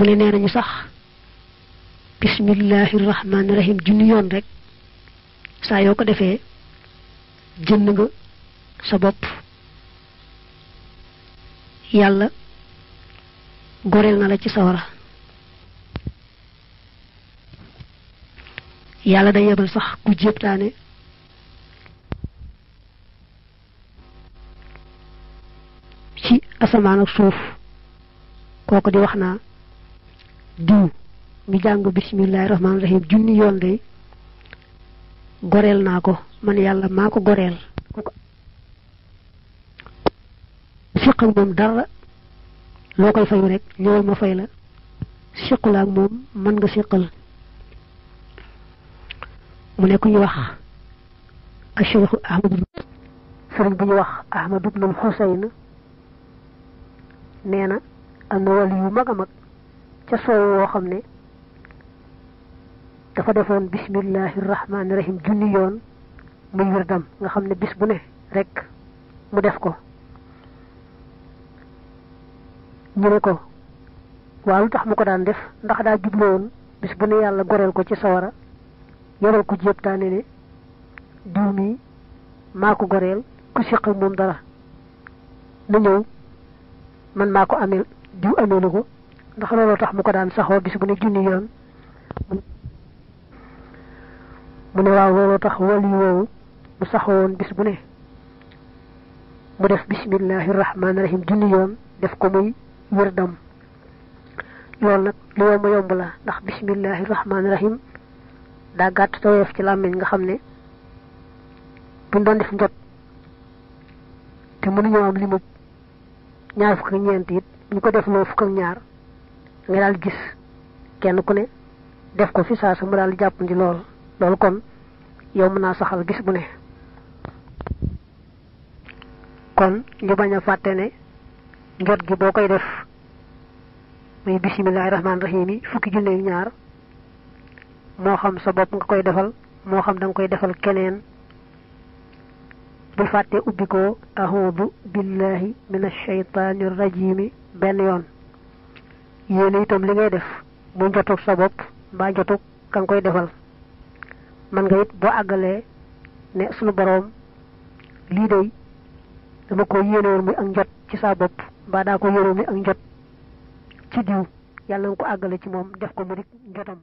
mu ne nee nañu sax bismillahi rahmaani rahim junni yoon rek saa yoo ko defee jënd nga sa bopp yàlla goreel na la ci sawara yàlla day yebal sax ku jéptaane ci asamaan ak suuf kooku di wax naa diw mi jàng bismillahi rahmaan rahim junni yoon day goreel naa ko man yàlla maa ko goreel siq ak moom dara loo koy fayu rek ñëwal ma fay la siqul moom mën nga siqal mu ne ku ñu wax acheikhu ahmad sëriñ bu ñu wax ahmad ibnu xusayn nee na am na wàll yu mag a mag ca soow woo xam ne dafa defoon bismillahi rahmaani rahim junni yoon muy wirdam nga xam ne bis bu ne rek mu def ko ñu ne ko waa lu tax mu ko daan def ndax daa jubloon bis bu ne yàlla goreel ko ci sawara yoral ko jéebtaane ne diw mi maa ko goreel ku siq moom dara na ñëw man maa ko ameel diw ameelu ko ndax loolu tax mu ko daan saxoo bis bu ne junni yoon mu ne waaw loolu tax wal yu woowu mu saxoo bis bu ne mu def bismillahi rahmaani rahim junni yoon def ko muy wërdam loolu nag lu yomb yomb la ndax bismillahi rahmaani rahim daa gàtt taweef ci làmmiñ nga xam ne buñ doon def njot te mënuñoo am limu ñaar fukk ak ñeent it buñ ko def loo fukk ak ñaar nga dal gis kenn ku ne def ko fi saa sa mu dal jàppandi lool loolu kon yow mën naa saxal gis bu ne kon ñu bañ a fàtte ne njot gi boo def muy bisimilahi rahmaan rahim yi fukki junne yu ñaar moo xam sa bopp nga koy defal moo xam da koy defal keneen bul fàtte ubbi ko ahudu billahi min ashaytaani rajimi benn yoon yéene itam li ngay def mu jotug sa bopp mbaa jotug ka koy defal man nga boo àggalee ne sunu boroom lii day dama ko yéene woon muy ak njot ci saa bopp mbaa daa ko yéene muy ak njot ci diw yàlla nga ko àggale ci moom def ko mu dik njotam